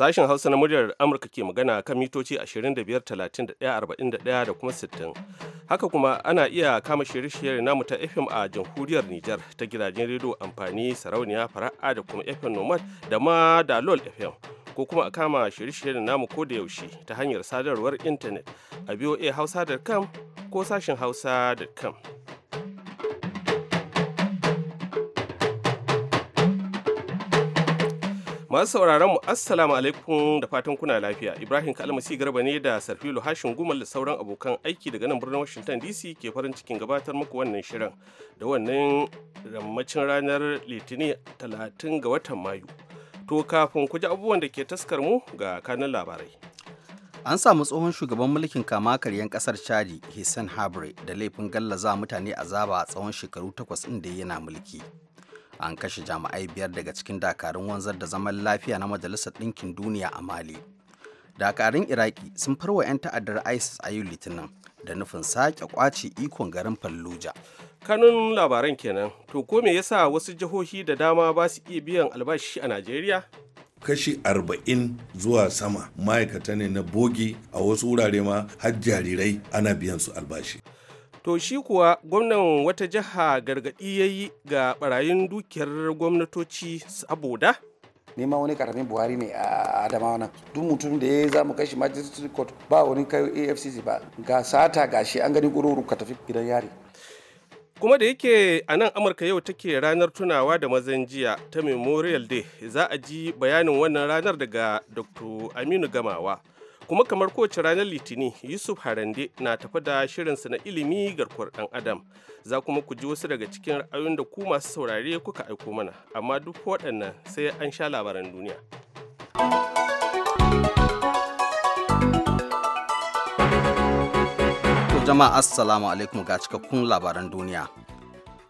Sashen Hausa na muryar Amurka ke magana kan mitoci 25,31,41 da kuma 60. Haka kuma ana iya kama shirye-shiryen namu ta FM a jamhuriyar Nijar ta gidajen rediyo amfani sarauniya fara'a da kuma FM Nomad da ma da LOL FM. Ko kuma a kama shirye-shiryen namu ko da yaushe ta hanyar sadarwar intanet a voahausa.com ko sashen hausa.com. masu sauraron mu assalamu alaikum da fatan kuna lafiya ibrahim kalmasi garba ne da sarfilo hashin gumal da sauran abokan aiki daga nan birnin washington dc ke farin cikin gabatar muku wannan shirin da wannan rammacin ranar litinin 30 ga watan mayu to kafin kuji abubuwan da ke taskar mu ga kanun labarai an samu tsohon shugaban mulkin kama karyan kasar chadi hissan habre da laifin gallaza mutane azaba a tsawon shekaru takwas inda yana mulki an kashe jami'ai biyar daga cikin dakarun wanzar da zaman lafiya na majalisar ɗinkin duniya a mali dakarun iraki sun farwa 'yan ta'addar isis a yi litinin da nufin sake kwace ikon garin fallujah kanun labaran kenan to ko me yasa wasu jihohi da dama ba su iya biyan albashi a najeriya kashi arba'in zuwa sama ma'aikata ne na bogi a wasu wurare ma har jarirai ana biyan su albashi to shi kuwa gwamnan wata jiha gargaɗi ya yi ga barayin dukiyar gwamnatoci saboda ni ma wani karamin buhari ne a adamawa nan duk mutum da ya za mu kashi majesty court ba wani kai afcc ba ga sata gashi an gani gururu ka tafi gidan yari kuma da yake a nan amurka yau take ranar tunawa da mazan jiya ta memorial day za a ji bayanin wannan ranar daga dr aminu gamawa kuma kamar kowace ranar litinin yusuf harande na tafi da shirinsa na ilimi garkuwar dan adam za kuma ku ji wasu daga cikin ra'ayoyin da ku masu saurare kuka aiko mana amma duk waɗannan sai an sha labaran duniya jama'a assalamu alaikum ga cikakkun labaran duniya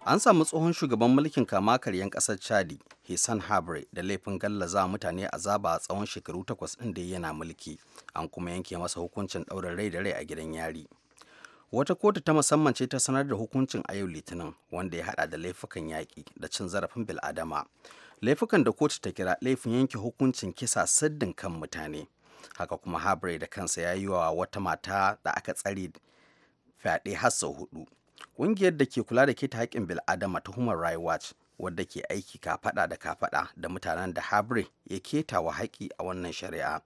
an samu tsohon shugaban mulkin kama karyen ƙasar chadi san habre da laifin gallaza mutane a a tsawon shekaru takwas ɗin da yana mulki an kuma yanke masa hukuncin ɗaurin rai da rai a gidan yari wata kotu ta musamman ce ta sanar da hukuncin a yau litinin wanda ya hada da laifukan yaƙi da cin zarafin bil'adama laifukan da kotu ta kira laifin yanke hukuncin kisa saddin kan mutane haka kuma habre da kansa ya yi wa wata mata da aka tsare fyaɗe har sau hudu ƙungiyar da ke kula da keta haƙƙin bil'adama ta human rights watch wadda ke aiki kafada da kafada da mutanen da habre ya keta wa haƙi a wannan shari'a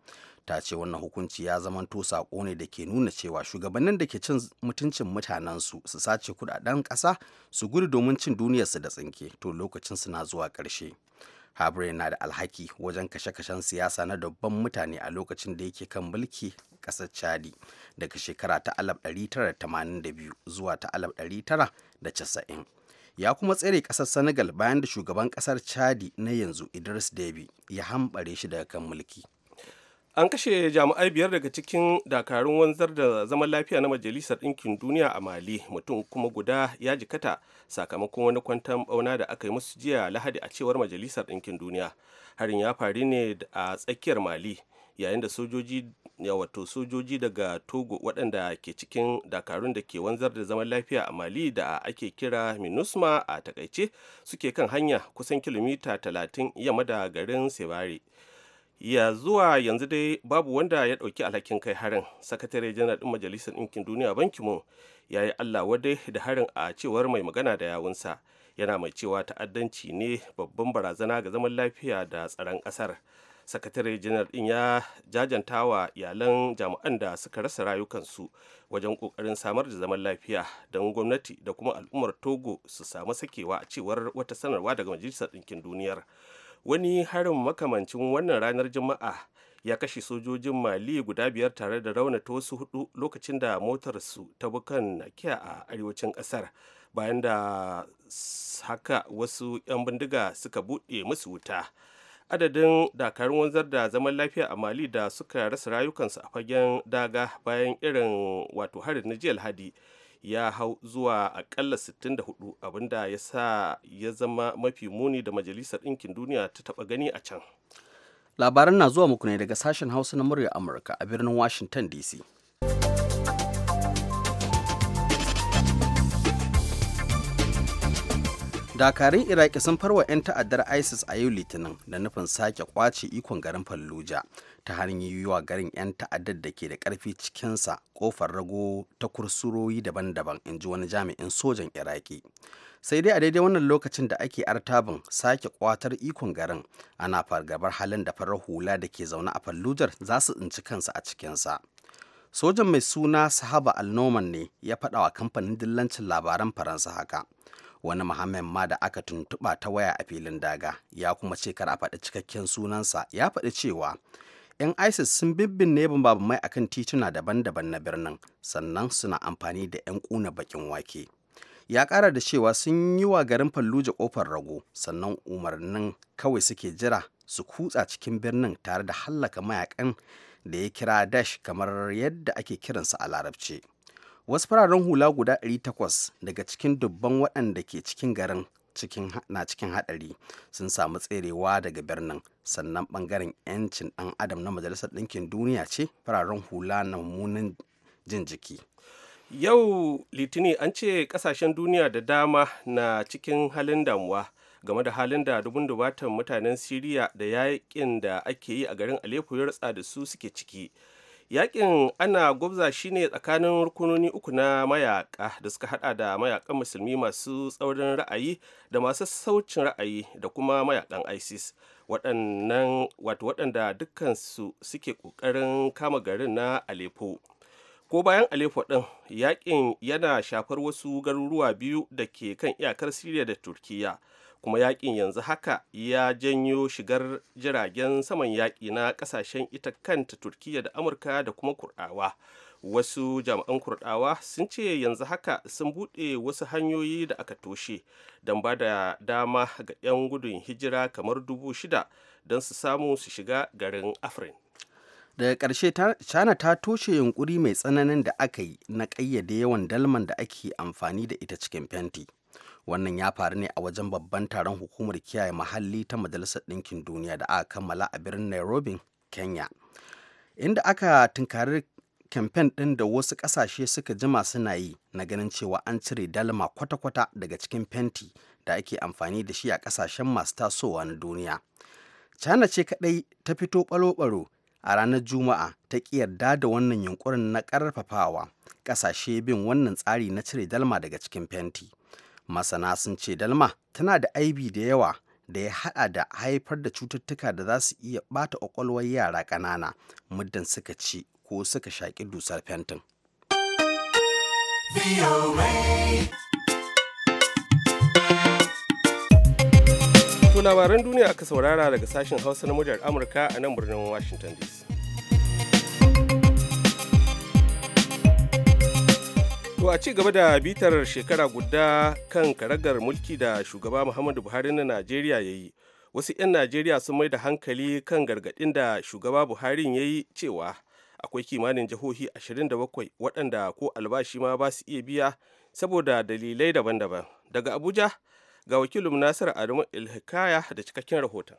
ta ce wannan hukunci ya zamanto saƙo ne da ke nuna cewa shugabannin da ke cin mutuncin mutanensu su sace kudaden ƙasa su gudu domin cin duniyarsu da tsinke to lokacin suna zuwa ƙarshe habre na da alhaki wajen kashe-kashen siyasa na dabban mutane a lokacin da yake kan mulki ƙasar chadi daga shekara ta 1982 zuwa ta 1990 ya kuma tsere kasar senegal bayan da shugaban kasar chadi na yanzu idris debi ya hambare shi daga kan mulki an kashe jami'ai biyar daga cikin dakarun wanzar da zaman lafiya na majalisar ɗinkin duniya a mali mutum kuma guda ya jikata sakamakon wani kwantan bauna da aka yi musu jiya lahadi a cewar majalisar ɗinkin duniya harin ya faru ne a tsakiyar mali yayin da sojoji ya wato sojoji daga togo waɗanda ke cikin dakarun da ke wanzar da zaman lafiya a mali da ake kira minusma a takaice suke kan hanya kusan kilomita 30 yamma da garin sebare ya zuwa yanzu dai babu wanda ya ɗauki alhakin kai harin sakatare janar ɗin majalisar ɗinkin duniya banki mu ya yi allah wadai da harin a cewar mai magana da yawunsa yana mai cewa ta'addanci ne babban barazana ga zaman lafiya da tsaron ƙasar sakatare janar din ya jajanta wa iyalan jami'an da suka rasa rayukansu wajen kokarin samar da zaman lafiya don gwamnati da kuma al'ummar togo su samu sakewa a cewar wata sanarwa daga majalisar ɗinkin duniyar wani harin makamancin wannan ranar juma'a ya kashe sojojin mali guda biyar tare da raunata wasu hudu lokacin da motar su ta bukan nakiya a arewacin kasar bayan da haka wasu 'yan bindiga suka buɗe musu wuta adadin dakarun wanzar da zaman lafiya a mali da suka rasa rayukansu a fagen daga bayan irin wato harin na jiya alhadi ya hau zuwa akalla 64 abinda ya sa ya zama mafi muni da majalisar ɗinkin duniya ta taɓa gani a can labaran na zuwa muku ne daga sashen hausa na murya amurka a birnin washington dc dakarun iraki sun farwa 'yan ta'addar isis a yau litinin da nufin sake kwace ikon garin fallujah ta wa garin 'yan ta'addar da ke da karfi cikinsa kofar rago ta kursuroyi daban-daban in ji wani jami'in sojan iraki sai dai a daidai wannan lokacin da ake artabin sake kwatar ikon garin ana fargabar halin da farar hula da ke zaune a fallujar za su tsinci kansa a cikinsa sojan mai suna sahaba al-noman ne ya faɗa wa kamfanin dillancin labaran faransa haka wani muhammed ma da aka tuntuɓa ta waya a filin daga ya kuma ce kar a faɗi cikakken sunansa ya faɗi cewa 'yan isis sun bibbinne babu mai akan tituna daban-daban na birnin sannan suna amfani da 'yan ƙuna bakin wake ya ƙara da cewa sun yi wa garin falluja ƙofar rago sannan umarnin kawai suke jira su kutsa cikin birnin tare da hallaka mayakan da ya kira dash kamar yadda ake kiransa a larabci wasu fararen hula guda 800 daga cikin dubban waɗanda ke cikin garin na cikin haɗari sun samu tserewa daga birnin sannan ɓangaren 'yancin ɗan adam na majalisar ɗinkin duniya ce fararen hula na mummunan jin jiki yau litini an ce ƙasashen duniya da dama na cikin halin damuwa game da halin da dubun dubatan mutanen siriya da yaƙin da ake yi a garin aleppo ya da su suke ciki yakin ana gwabza shi ne tsakanin rukunoni uku na mayaka da suka hada da mayakan musulmi masu tsaurin ra'ayi da masu saucin ra'ayi da kuma mayakan isis waɗannan wato waɗanda dukkansu suke ƙoƙarin kama garin na aleppo ko bayan aleppo ɗin yakin yana shafar wasu garuruwa biyu da ke kan iyakar siriya da turkiyya. kuma yakin yanzu haka ya janyo shigar jiragen saman yaƙi na ƙasashen ita kanta turkiya da amurka da kuma kurɗawa wasu jami'an kurɗawa sun ce yanzu haka sun buɗe wasu hanyoyi da aka toshe don ba da dama ga 'yan gudun hijira kamar dubu shida don su samu su shiga garin afrin daga ƙarshe china ta toshe yunkuri mai tsananin da aka yi na ƙayyade yawan dalman da ake amfani da ita cikin fenti wannan ya faru ne a wajen babban taron hukumar kiyaye mahalli ta majalisar ɗinkin duniya da aka kammala a birnin nairobi kenya inda aka tunkari kamfen ɗin da wasu ƙasashe suka jima suna yi na ganin cewa an cire dalma kwata-kwata daga cikin fenti da ake amfani da shi a ƙasashen masu tasowa na duniya china ce kaɗai ta fito ɓalo-ɓalo a ranar juma'a ta yarda da wannan yunkurin na ƙarfafawa ƙasashe bin wannan tsari na cire dalma daga cikin fenti masana sun ce dalma tana da aibi da yawa da ya hada da haifar da cututtuka da za su iya bata kwakwalwar yara ƙanana muddin suka ci ko suka shaƙi dusar fentin. labaran duniya aka saurara daga sashen hausa na muryar amurka a nan birnin washington dc To a ci gaba da bitar shekara guda kan karagar mulki da shugaba Muhammadu Buhari na Najeriya ya yi, wasu 'yan Najeriya sun mai da hankali kan gargaɗin da shugaba Buhari ya yi cewa akwai kimanin jihohi 27 waɗanda ko albashi ma ba su iya biya saboda dalilai daban-daban. Daga Abuja, ga wakilin Nasiru Adamu Ilhikaya da cikakken rahoton.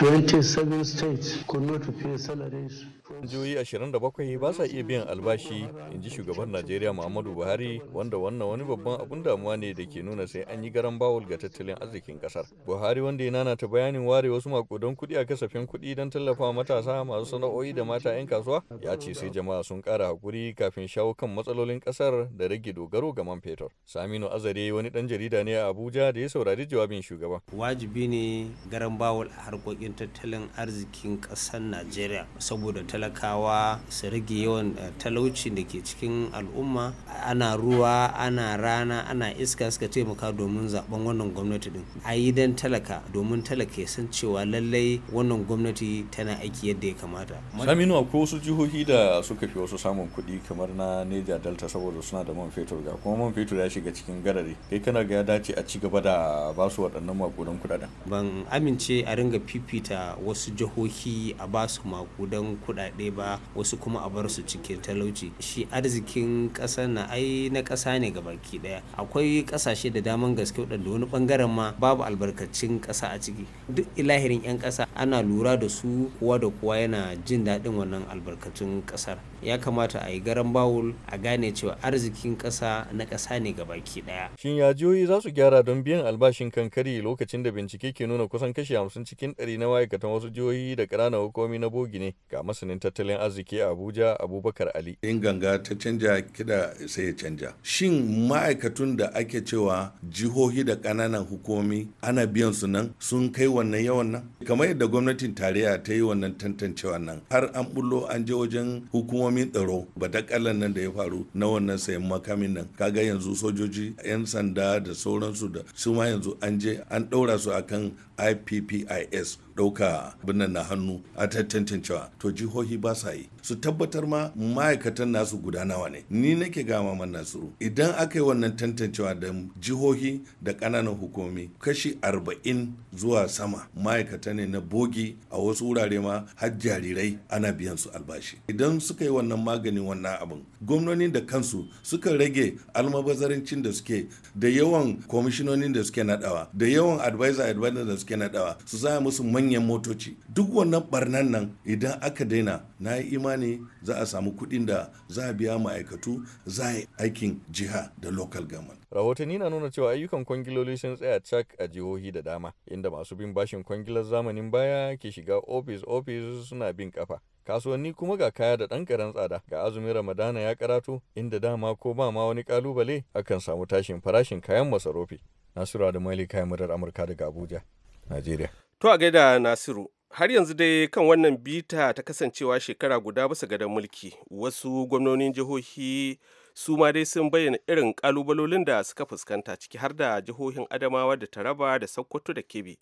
27 states could not pay salaries. Jihohi 27 ba sa iya biyan albashi, in ji shugaban Najeriya Muhammadu Buhari, wanda wannan wani babban abun damuwa ne da ke nuna sai an yi garan bawul ga tattalin arzikin kasar. Buhari wanda ya ta bayanin ware wasu makudan kuɗi a kasafin kuɗi don tallafawa matasa masu sana'o'i da mata 'yan kasuwa, ya ce sai jama'a sun ƙara hakuri kafin shawo kan matsalolin kasar da rage dogaro ga man fetur. Saminu Azare wani ɗan jarida ne a Abuja da ya saurari jawabin shugaban. Wajibi ne garan bawul a harkokin cikin tattalin arzikin ƙasar najeriya saboda talakawa su rage yawan eh, talauci da ke cikin al'umma ana ruwa ana rana ana iska suka taimaka domin zaben wannan gwamnati din a yi don talaka domin talaka ya san cewa lallai wannan gwamnati tana aiki yadda ya kamata saminu akwai wasu jihohi da suka fi wasu samun kuɗi kamar na neja delta saboda suna da man fetur ga kuma man fetur ya shiga cikin garare kai kana ga ya dace a ci gaba da basu waɗannan makudan kuɗaɗen ban amince a ringa fifi ita wasu jihohi a ba su makudan kudade ba wasu kuma a bar su cikin talauci shi arzikin kasa na ai na kasa ne ga baki daya akwai kasashe da daman gaske wadanda wani bangaren ma babu albarkacin kasa a ciki duk ilahirin 'yan kasa ana lura da su kowa da kowa yana jin daɗin wannan albarkacin kasar ya kamata a yi garan bawul a gane cewa arzikin kasa na kasa ne ga baki daya. shin ya jihohi za su gyara don biyan albashin kankari lokacin da bincike ke nuna kusan kashi hamsin cikin na ma'aikatan wasu jihohi da ƙananan hukumi na bogi ne ga masanin tattalin arziki a Abuja Abubakar Ali. In ganga ta canja kida sai ya canja. Shin ma'aikatun da ake cewa jihohi da ƙananan hukumomi ana biyan su nan sun kai wannan yawan nan? Kamar yadda gwamnatin tarayya ta yi wannan tantancewa nan har an bullo an je wajen hukumomin tsaro badakalan nan da ya faru na wannan sayan makamin nan kaga yanzu sojoji 'yan sanda da sauransu da su ma yanzu an je an ɗaura su akan ippis ɗauka binnan na hannu a tantancewa to jihohi ba sa yi su tabbatar ma ma'aikatan nasu guda nawa ne ni nake ga maman nasiru idan aka yi wannan tantancewa da jihohi da ƙananan hukumomi kashi arba'in zuwa sama ma'aikata ne na bogi a wasu wurare ma har jarirai ana biyan su albashi idan suka yi wannan maganin wannan abin gwamnoni da kansu suka rage almabazarancin da suke da yawan kwamishinonin da suke nadawa da yawan advisor advisor da suke suke nadawa su zaya musu manyan motoci duk wannan barnan nan idan aka daina na yi imani za a samu kuɗin da za a biya ma'aikatu za a yi aikin jiha da local government rahotanni na nuna cewa ayyukan kwangiloli sun tsaya cak a jihohi da dama inda masu bin bashin kwangilar zamanin baya ke shiga ofis ofis suna bin kafa kasuwanni kuma ga kaya da ɗan karen tsada ga azumin ramadana ya karatu inda dama ko ba ma wani kalubale akan samu tashin farashin kayan masarufi nasiru da maili kayan murar amurka daga abuja najeriya to a gaida nasiru har yanzu dai kan wannan bita ta kasancewa shekara guda bisa gadon mulki wasu gwamnonin jihohi su ma dai sun bayyana irin kalubalolin da suka fuskanta ciki har da jihohin adamawa da taraba da sokoto da kebbi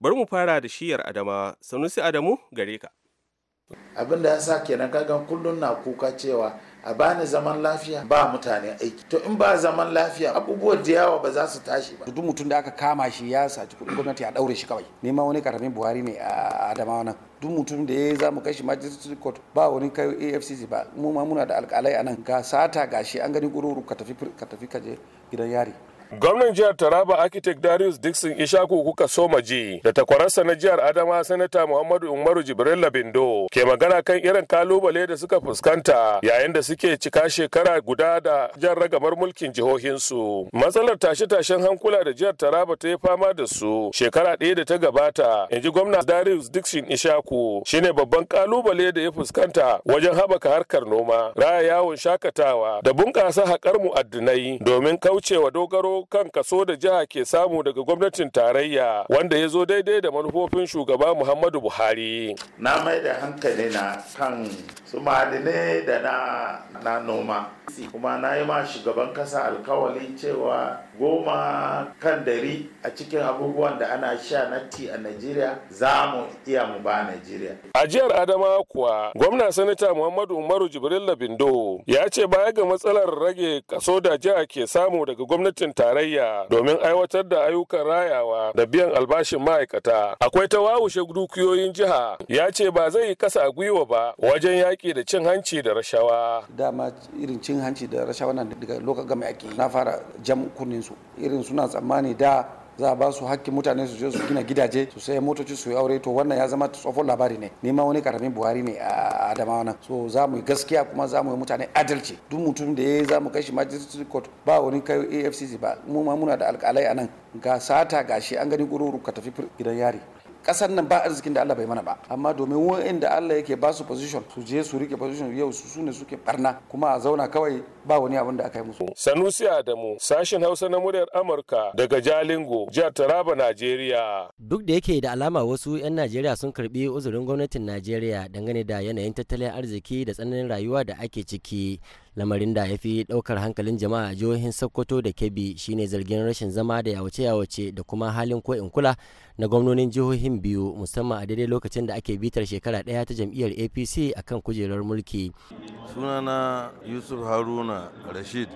bari mu fara da shiyar adamawa sanusi adamu gare ka abin da ya sa kenan kaga kullum na kuka cewa a bani zaman lafiya ba mutane aiki to in ba zaman lafiya abubuwan da yawa ba za su tashi ba duk mutum da aka kama shi ya saci kuɗin gwamnati a daure shi kawai nema wani karamin buhari ne a adama nan duk mutum da ya za mu kai shi magistrate court ba wani kai afcc ba mu ma muna da alkalai a nan ga sata gashi an gani gururu ka tafi ka je gidan yari Gwamnan jihar Taraba Architect Darius Dixon Ishaku kuka somaji da takwararsa na jihar Adama Sanata Muhammadu Umaru Jibrilla Bindo ke magana kan irin kalubale da suka fuskanta yayin da suke cika shekara guda da jan ragamar mulkin jihohinsu. Matsalar tashe-tashen hankula da jihar Taraba ta yi fama da su shekara ɗaya da ta gabata, in ji gwamna Darius Dixon Ishaku shine babban kalubale da ya fuskanta wajen haɓaka harkar noma, raya yawon shakatawa da bunƙasa haƙar mu addinai, domin kaucewa dogaro kan kaso da jiha ke samu daga gwamnatin tarayya wanda ya zo daidai da manufofin shugaba muhammadu buhari na mai da hankali na kan su ma'adinai da na noma kuma na yi ma shugaban kasa alkawalin cewa goma kan dari a cikin abubuwan da ana sha na ti a Najeriya za mu iya mu ba Najeriya. A jihar Adama kuwa gwamna sanata Muhammadu Umaru Jibril Labindo ya ce baya ga matsalar rage kaso da jiha ke samu daga gwamnatin tarayya tarayya domin aiwatar da ayyukan rayawa da biyan albashin ma'aikata akwai ta dukiyoyin jiha ya ce ba zai yi kasa gwiwa ba wajen yaƙi da cin hanci da rashawa dama irin cin hanci da rashawa nan daga lokacin gama ake na fara jam kunninsu irin suna tsammani da za a ba su hakkin mutane su je su gina gidaje su sai motoci su yi aure to wannan ya zama tsofon labari ne ni ma wani karamin buhari ne a adamawa nan so za mu gaskiya kuma za mu yi mutane adalci duk mutum da ya za mu kai shi magistrate court ba wani kai afcc ba mu ma muna da alkalai a nan ga sata gashi an gani gururu ka tafi gidan yari kasar nan ba arzikin da Allah bai mana ba amma domin da Allah yake ba su position su je su rike position yau su sune suke barna kuma a zauna kawai ba wani abin da aka yi musu Sanusi Adamu sashin Hausa na muryar Amurka daga Jalingo jihar Taraba Najeriya duk da yake da alama wasu 'yan Najeriya sun karbi uzurin gwamnatin Najeriya dangane da yanayin tattalin arziki da tsananin rayuwa da ake ciki lamarin da ya fi daukar hankalin jama'a a jihohin sokoto da kebbi shine zargin rashin zama da yawace-yawace da kuma halin ko in kula na gwamnonin jihohin biyu musamman a daidai lokacin da ake bitar shekara daya ta jam'iyyar apc akan kujerar mulki sunana yusuf haruna rashid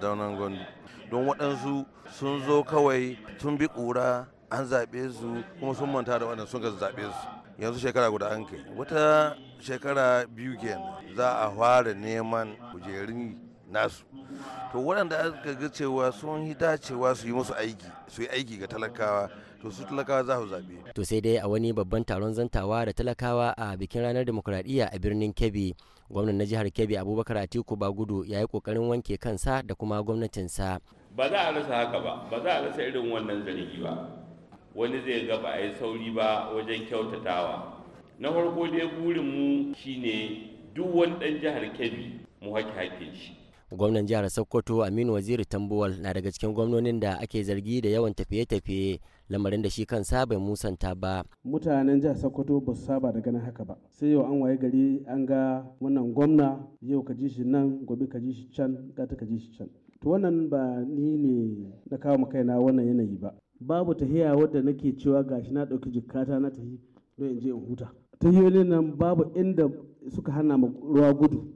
daunan gondi don waɗansu sun zo kawai sun bi ƙura an zaɓe su kuma sun manta da waɗanda sun zaɓe su yanzu shekara guda an kai wata shekara biyu kenan za a fara neman kujerun nasu to waɗanda aka ga cewa sun yi dacewa su yi musu aiki su yi aiki ga talakawa to su talakawa za su zaɓe. to sai dai a wani babban taron zantawa da talakawa a bikin ranar demokuraɗiyya a birnin kebbi gwamnan na jihar kebbi abubakar atiku bagudu ya yi ƙoƙarin wanke kansa da kuma gwamnatinsa ba za a rasa haka ba ba za a rasa irin wannan zargi ba wani zai ga ba a yi sauri ba wajen kyautatawa na farko dai mu shine duk wani ɗan jihar kebbi mu haƙi haƙin shi gwamnan jihar sokoto aminu waziri tambuwal na daga cikin gwamnonin da ake zargi da yawan tafiye-tafiye lamarin da shi kan bai musanta ba mutanen jihar sokoto ba su saba da ganin haka ba sai yau an waye gari an ga wannan gwamna yau ka ji shi nan gobe ka ji shi can gata ka ji shi can to wannan ba ni ne na kawo kaina wannan yanayi ba babu tahiya wadda nake cewa gashi na ɗauki jikkata na tahi don in je in huta tahiyoyin nan babu inda suka hana ma ruwa gudu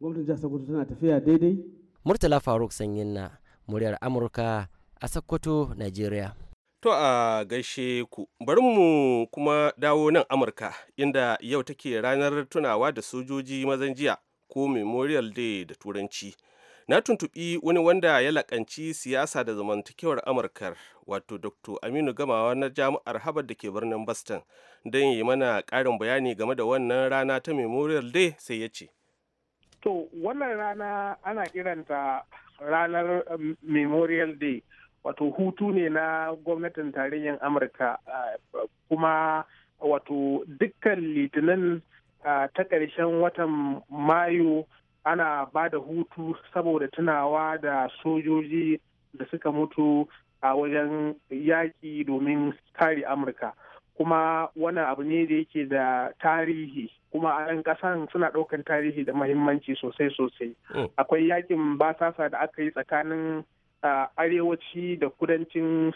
gwamnatin jihar sokoto tana tafiya daidai murtala faruk sanyin na muryar amurka a sokoto nigeria To a gaishe ku, bari mu kuma dawo nan Amurka inda yau take ranar tunawa da sojoji mazan jiya ko Memorial Day da Turanci. na tuntubi wani wanda ya lakanci siyasa da zamantakewar amurkar wato dr aminu gamawa na jami'ar harvard da ke birnin boston don yi mana ƙarin bayani game da wannan rana ta memorial day sai ya ce to wannan rana ana kiranta ranar um, memorial day wato hutu ne na gwamnatin tarayyar amurka uh, kuma wato dukkan litinin uh, ta ƙarshen watan mayu ana ba da hutu saboda tunawa da sojoji da suka mutu a wajen yaƙi domin kare amurka kuma wani abu ne da yake da tarihi kuma a yan ƙasan suna ɗaukar tarihi da mahimmanci sosai sosai hmm. akwai yakin basasa da aka yi tsakanin arewaci da kudancin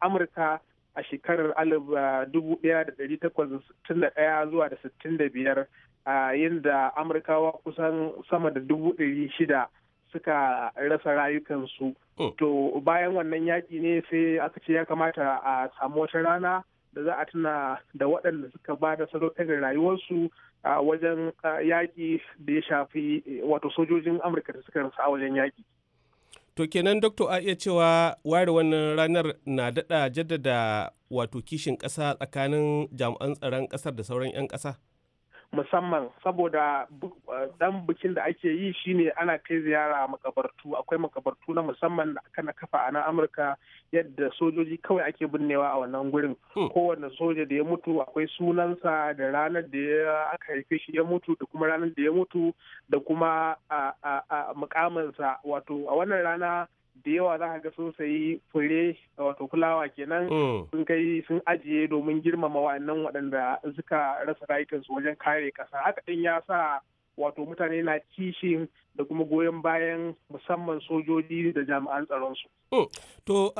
amurka a shekarar 1861 zuwa da 65 a yadda amurkawa kusan sama da dubu ɗari shida suka rasa rayukansu oh. to bayan wannan yaƙi ne sai aka ce ya kamata a samu wata rana da za a tuna da waɗanda suka ba da sadaukar rayuwarsu a wajen yaƙi da ya shafi wato sojojin amurka da suka rasa a wajen yaƙi to kenan doktor a iya cewa ware wannan ranar na daɗa jaddada wato kishin ƙasa tsakanin jami'an tsaron ƙasar da sauran 'yan ƙasa musamman saboda eh, dan bikin da ake yi shine ana kai ziyara makabartu akwai makabartu na musamman da aka kafa a nan amurka yadda sojoji kawai ake binnewa a wannan gurin hmm. kowane soja da ya mutu akwai sunansa da ranar da ya aka haife shi ya mutu da kuma ranar da ya mutu da kuma mukaminsa wato a wannan rana da yawa za ka ga sun sayi fure wato fulawa kenan mm. sun kai sun ajiye domin girmama wa'annan waɗanda suka rasa rayukansu wajen kare ƙasa haka ɗin ya sa wato mutane na kishin da kuma goyon bayan musamman sojoji da jami'an tsaronsu. Mm. To,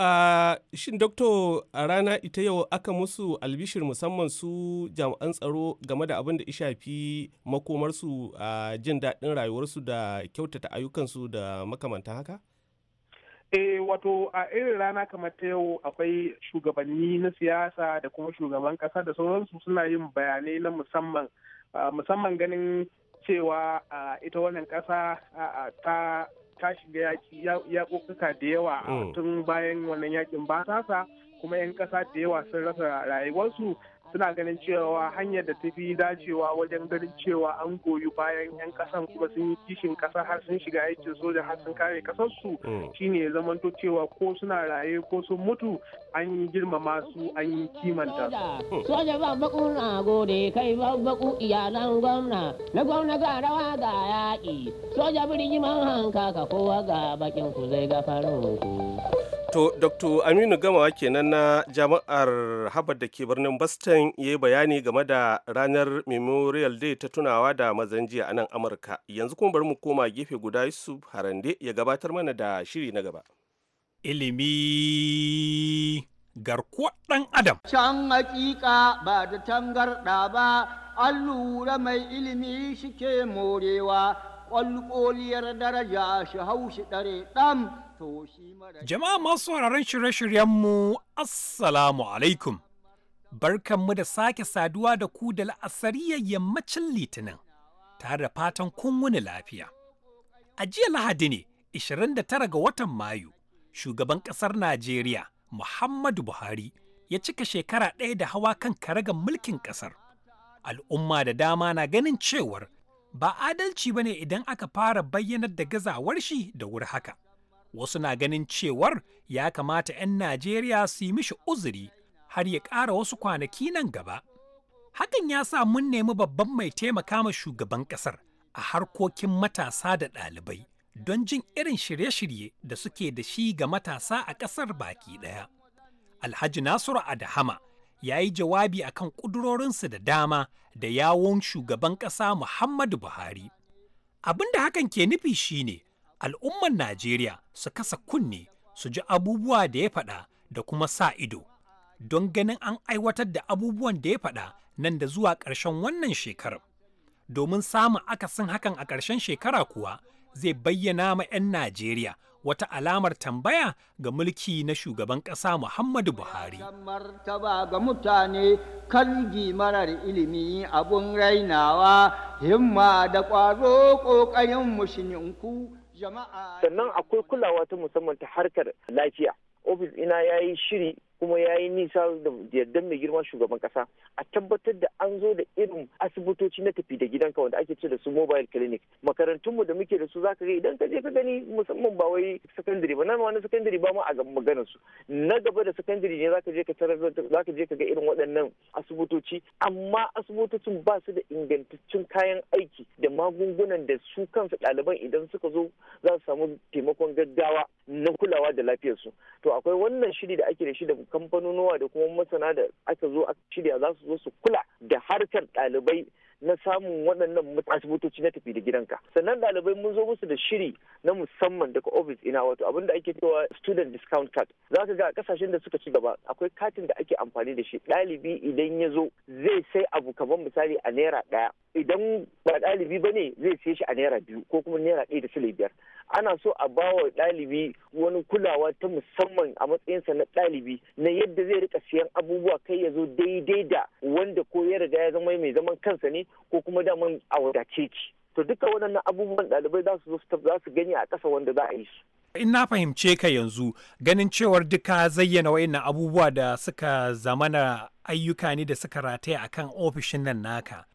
shin dokto a rana ita yau aka musu albishir musamman su jami'an tsaro game da abin da shafi makomarsu a jin daɗin rayuwarsu da kyautata ayyukansu da makamanta haka? Eh wato a irin rana kamar ta yau akwai shugabanni na siyasa da kuma shugaban kasa da sauransu suna yin bayanai na musamman musamman ganin cewa ita wannan kasa ta ta shiga kokuka da yawa mm. tun bayan wannan yakin ba kuma 'yan kasa da yawa sun rasa rayuwarsu suna ganin cewa hanyar da ta fi dacewa wajen ganin cewa an goyi bayan 'yan kasan kuma sun yi kishin kasa har sun shiga aikin soja har sun kare kasarsu mm. shine ya to cewa ko suna raye ko sun mutu an yi girmama su an yi kimanta soja ba baku na gode kai ba baku iyalan gwamna na gwamna ga rawa ga yaƙi soja birni man hanka ka kowa ga bakin ku zai ga farin ku To, Dr. Aminu Gamawa kenan na jami'ar Harvard da ke birnin Boston ya yi bayani game da ranar Memorial Day ta tunawa da mazan jiya a nan Amurka. Yanzu kuma bari mu koma gefe guda su Harande ya gabatar mana da shiri na gaba. Ilimi garkuwa ɗan Adam. Can hakika ba da tangarɗa ba, an lura mai ilimi shike morewa, ƙwalƙoliyar daraja shi haushi ɗare ɗam. Jama'a masu sauraron shirye-shiryenmu, Assalamu alaikum. mu da sake saduwa da ku da la'asariyar yammacin Litinin, tare da fatan kun wani lafiya. A jiya Lahadi ne, 29 ga watan Mayu, shugaban ƙasar Najeriya, Muhammadu Buhari, ya cika shekara ɗaya da hawa kan karagar mulkin ƙasar. Al'umma da dama na ganin cewar ba adalci ba ne idan aka fara bayyanar da gazawar shi da wuri haka. wasu na ganin cewar ya kamata 'yan Najeriya su yi mishi uzuri har ya ƙara wasu kwanaki nan gaba. Hakan ya sa mun nemi babban mai taimaka ma shugaban ƙasar a harkokin matasa da ɗalibai don jin irin shirye-shirye da suke da shi ga matasa a ƙasar baki ɗaya. Alhaji Nasiru Adahama ya yi jawabi a kan ƙudurorinsu da dama da yawon shugaban ƙasa Muhammadu Buhari. Abin da hakan ke nufi shine al'umman Najeriya su kasa kunne su ji abubuwa da ya faɗa da kuma sa ido don ganin an aiwatar da abubuwan da ya faɗa nan da zuwa ƙarshen wannan shekarar. Domin samun akasin hakan a ƙarshen shekara kuwa zai bayyana ma 'yan Najeriya wata alamar tambaya ga mulki na shugaban ƙasa Muhammadu Buhari. martaba ga mutane kalgi marar ilimi abun rainawa himma da ƙwaro ƙoƙarin mushininku. sannan akwai kulawa ta musamman ta harkar lafiya ofis ina ya yi shiri kuma ya yi nisa da yadda mai girma shugaban kasa a tabbatar da an zo da irin asibitoci na tafi da gidanka wanda ake ce da su mobile clinic makarantunmu da muke da su za ka ga idan ka je ka gani musamman ba wai secondary ba nan wani secondary ba ma a maganar su na gaba da secondary ne ka je ka tarar ka je ka ga irin waɗannan asibitoci amma asibitocin ba su da ingantaccen kayan aiki da magungunan da su kansu ɗaliban idan suka zo za su samu taimakon gaggawa na kulawa da lafiyarsu to akwai wannan shiri da ake da shi da kamfanonuwa da kuma masana da aka zo aka shirya za su zo su kula da harkar ɗalibai na samun waɗannan asibitoci na tafi da gidanka sannan ɗalibai mun zo musu da shiri na musamman daga ofis ina wato abinda ake cewa student discount card za ka ga a kasashen da suka ci gaba akwai katin da ake amfani da shi ɗalibi idan ya zo zai sai abu kamar misali a naira ɗaya idan ba ɗalibi ba ne zai siye shi a naira biyu ko kuma naira ɗaya da sile biyar ana so a ba wa ɗalibi wani kulawa ta musamman a matsayinsa na ɗalibi na yadda zai rika siyan abubuwa kai ya zo daidai da wanda ko ya riga ya zama mai zaman kansa ne ko kuma daman a wadace ci to duka waɗannan abubuwan ɗalibai za su za su gani a ƙasa wanda za a yi su in na fahimce ka yanzu ganin cewar duka zayyana wa'in abubuwa da suka zamana ayyuka ne da suka rataya akan ofishin nan naka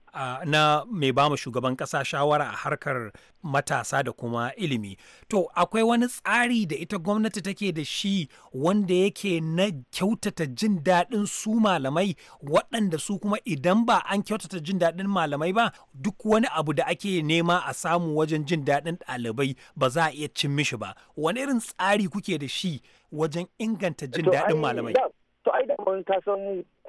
na mai bamu shugaban kasa shawara a harkar matasa da kuma ilimi to akwai wani tsari da ita gwamnati take da shi wanda yake na kyautata jin daɗin su malamai waɗanda su kuma idan ba an kyautata jin daɗin malamai ba duk wani abu da ake nema a samu wajen jin daɗin ɗalibai ba za a iya cin mishi ba wani irin tsari kuke da shi wajen inganta jin daɗin malamai to ai da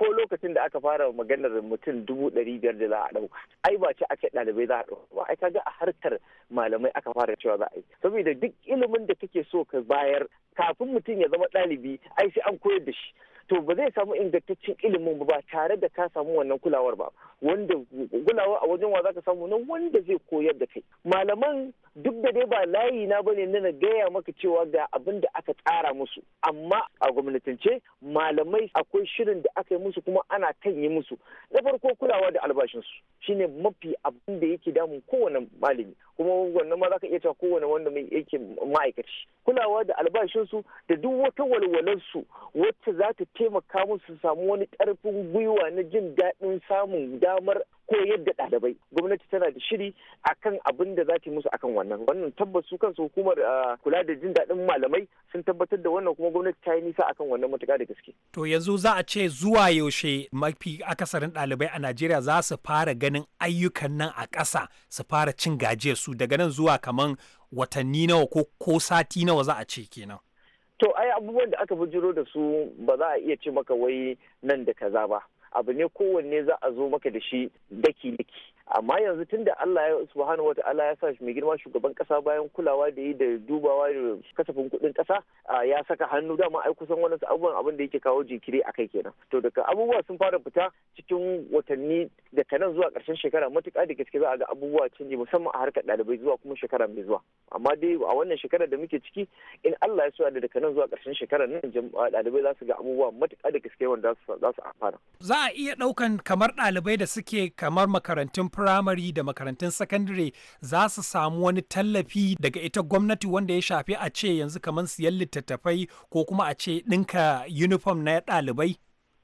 ko lokacin da aka fara maganar mutum dubu ɗari biyar da za a ɗau ai ba ce ake ɗalibai za a ɗau ba ai kaga a harkar malamai aka fara cewa za a yi saboda duk ilimin da kake so ka bayar kafin mutum ya zama ɗalibi ai sai an koyar da shi to ba zai samu ingantaccen ilimin ba tare da ka samu wannan kulawar ba wanda kulawa a wajen wa ka samu nan wanda zai koyar da kai malaman duk da dai ba layi na bane na na gaya maka cewa ga abin da aka tsara musu amma a gwamnatance malamai akwai shirin da aka yi musu kuma ana kan yi musu na farko kulawa da albashinsu shine mafi abin da yake damun kowane malami kuma wannan ma za ka iya cewa kowane wanda mai yake ma'aikaci kulawa da albashinsu da duk wata walwalarsu wacce za ta taimaka musu su samu wani karfin gwiwa na jin daɗin samun damar koyar da ɗalibai gwamnati tana da shiri akan abin da za ta musu akan wannan wannan tabbas su kansu hukumar ah, kula da jin daɗin malamai sun tabbatar da wannan kuma gwamnati ta yi nisa akan wannan matuƙa da gaske to yanzu za a ce zuwa yaushe mafi akasarin ɗalibai a Najeriya za su fara ganin ayyukan nan a ƙasa su fara cin gajiyar su daga nan zuwa kamar watanni nawa ko ko sati nawa za a ce kenan to ai abubuwan da aka bujiro da su ba za a iya ce maka wai nan da kaza ba abu ne kowanne za a zo maka da shi daki daki amma yanzu tun da Allah ya subhanahu wa ta'ala ya sa mai girma shugaban kasa bayan kulawa da yi da dubawa da kasafin kuɗin kasa ya saka hannu dama ai kusan wani abubuwan abin da yake kawo jinkiri akai kenan to daga abubuwa sun fara fita cikin watanni da nan zuwa ƙarshen shekara matuƙa da gaske za a ga abubuwa canji musamman a harkar ɗalibai zuwa kuma shekara mai zuwa amma dai a wannan shekara da muke ciki in Allah ya so da daga nan zuwa ƙarshen shekara nan ɗalibai za su ga abubuwa matuƙa da gaske wanda za su amfana za a iya ɗaukan kamar ɗalibai da suke kamar makarantun firamare da makarantun sakandare za su samu wani tallafi daga ita gwamnati wanda ya shafi a ce yanzu kamar siyan littattafai ko kuma a ce ɗinka uniform na ɗalibai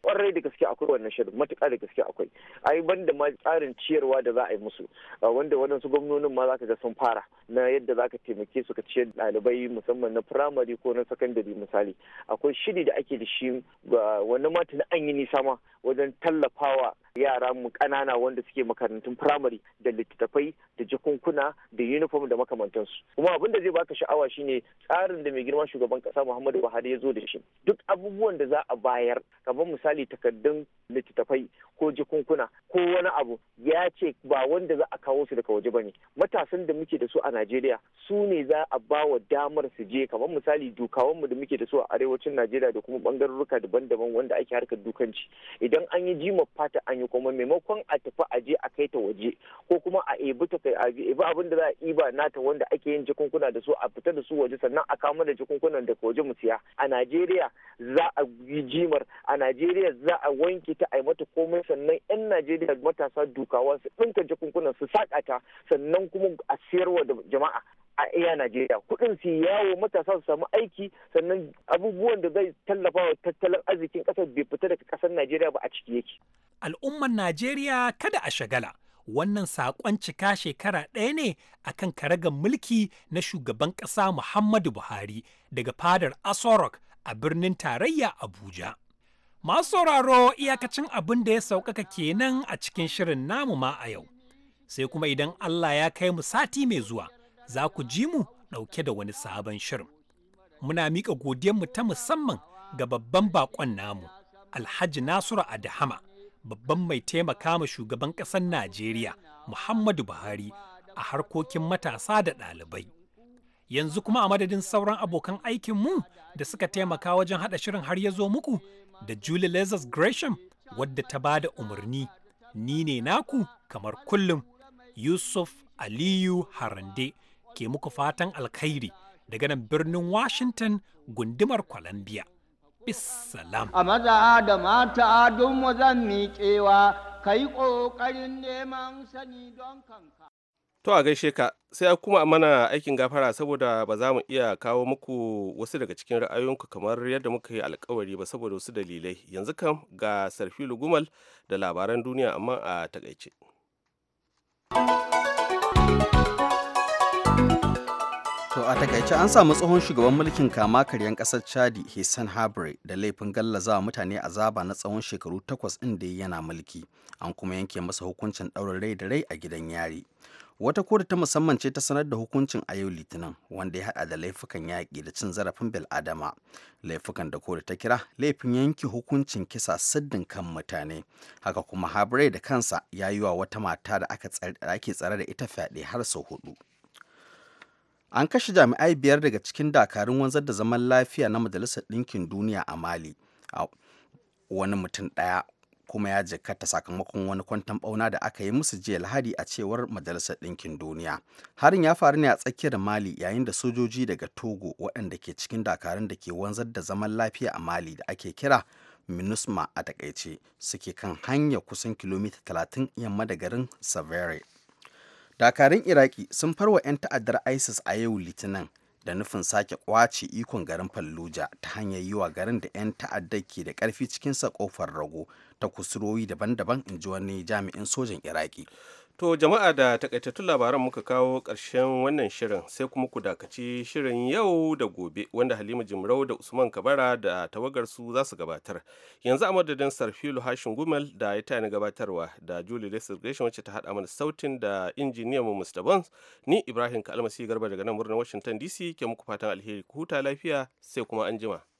kwarai da gaske akwai wannan shirin matuƙa da gaske akwai ai banda ma tsarin ciyarwa da za a yi musu wanda wadansu gwamnonin ma zaka ga sun fara na yadda zaka taimake su ka ciyar ɗalibai musamman na firamare ko na sakandare misali akwai shiri da ake da shi wannan ma tuni an yi nisa ma wajen tallafawa yara mu ƙanana wanda suke makarantun firamare da littattafai da jakunkuna da uniform da makamantansu kuma abin da zai baka sha'awa shine tsarin da mai girma shugaban ƙasa Muhammadu Buhari ya zo da shi duk abubuwan da za a bayar kamar misali misali takardun littattafai ko jikunkuna ko wani abu ya ce ba wanda za a kawo su daga waje ba ne matasan da muke da su a Najeriya su ne za a ba wa damar su je kamar misali dukawanmu da muke da su a arewacin Najeriya da kuma bangarurruka daban-daban wanda ake harkar dukanci idan an yi jima fata an yi kuma maimakon a tafi a je a kai ta waje ko kuma a ebi ta kai a ebi abin da za a iba nata wanda ake yin jikunkuna da su a fita da su waje sannan a kawo da jikunkunan daga waje mu siya a Najeriya za a yi jimar a Najeriya za a wanke ita a mata komai sannan 'yan Najeriya matasa dukawa su ɗinka jakunkunan su sakata sannan kuma a siyarwa da jama'a a iya Najeriya kuɗin su yawo matasa su samu aiki sannan abubuwan da zai tallafa wa tattalin arzikin ƙasar bai fita daga ƙasar Najeriya ba a ciki yake. Al'ummar Najeriya kada a shagala. Wannan saƙon cika shekara ɗaya ne a kan karagar mulki na shugaban ƙasa Muhammadu Buhari daga fadar Asorok a birnin tarayya Abuja. Masu sauraro iyakacin abin da ya sauƙaƙa kenan a cikin shirin namu ma a yau. Sai kuma idan Allah ya kai mu sati mai zuwa, za ku ji mu ɗauke da wani sabon shirin. Muna miƙa mu ta musamman ga babban baƙon namu, Alhaji Nasiru Adahama, babban mai taimaka ma shugaban ƙasar Najeriya, Muhammadu Buhari, a harkokin matasa da ɗalibai. yanzu kuma a madadin sauran abokan aikinmu da suka taimaka wajen haɗa shirin har ya zo muku da Julie Lazarus Gresham wadda ta ba da umarni. Ni ne naku kamar kullum Yusuf Aliyu Harande ke muku fatan alkhairi daga nan birnin Washington gundumar Columbia. Bissalam. A maza da mata don mu zan miƙewa, kai ƙoƙarin neman sani don kanka. To a gaishe ka sai kuma mana aikin gafara saboda ba za mu iya kawo muku wasu daga cikin ra'ayoyinku kamar yadda muka yi alkawari ba saboda wasu dalilai yanzu kam ga sarfilu gumal da labaran duniya amma a takaice. To a takaice an samu tsohon shugaban mulkin kama karyan kasar Chadi Hassan Habre da laifin gallazawa mutane azaba na tsawon shekaru takwas inda yana mulki an kuma yanke masa hukuncin ɗaurin rai da rai a gidan yari. wata kotu ta musamman ce ta sanar da hukuncin a yau litinin wanda ya hada da laifukan yaƙi da cin zarafin bil'adama laifukan da kotu ta kira laifin yanke hukuncin kisa siddin kan mutane haka kuma habre da kansa ya yi wa wata mata da aka ake tsare da ita fyaɗe har sau hudu an kashe jami'ai biyar daga cikin dakarun wanzar da zaman lafiya na majalisar ɗinkin duniya a mali wani mutum ɗaya kuma ya jikkata sakamakon wani kwantan bauna da aka yi musu jiya lahadi a cewar majalisar ɗinkin duniya harin ya faru ne a tsakiyar mali yayin da sojoji daga togo waɗanda ke cikin dakarun da ke wanzar da zaman lafiya a mali da ake kira minusma a takaice suke kan hanya kusan kilomita 30 yamma da garin savere dakarun iraki sun farwa 'yan ta'addar isis a yau litinin da nufin sake kwace ikon garin falluja ta hanyar yi wa garin da 'yan ta'adda ke da ƙarfi cikinsa kofar rago ta kusuroyi daban-daban in ji wani jami'in sojan Iraki. To jama'a da takaitattun labaran muka kawo ƙarshen wannan shirin sai kuma ku dakaci shirin yau da gobe wanda Halima Jimrau da Usman Kabara da tawagarsu za su gabatar. Yanzu a madadin Sarfilu Hashin Gumel da ya tani gabatarwa da Julie Lester Gresham wacce ta haɗa mana sautin da injiniya mu Mr. Bones ni Ibrahim Kalmasi Garba daga nan murnar Washington DC ke muku fatan alheri ku huta lafiya sai kuma anjima.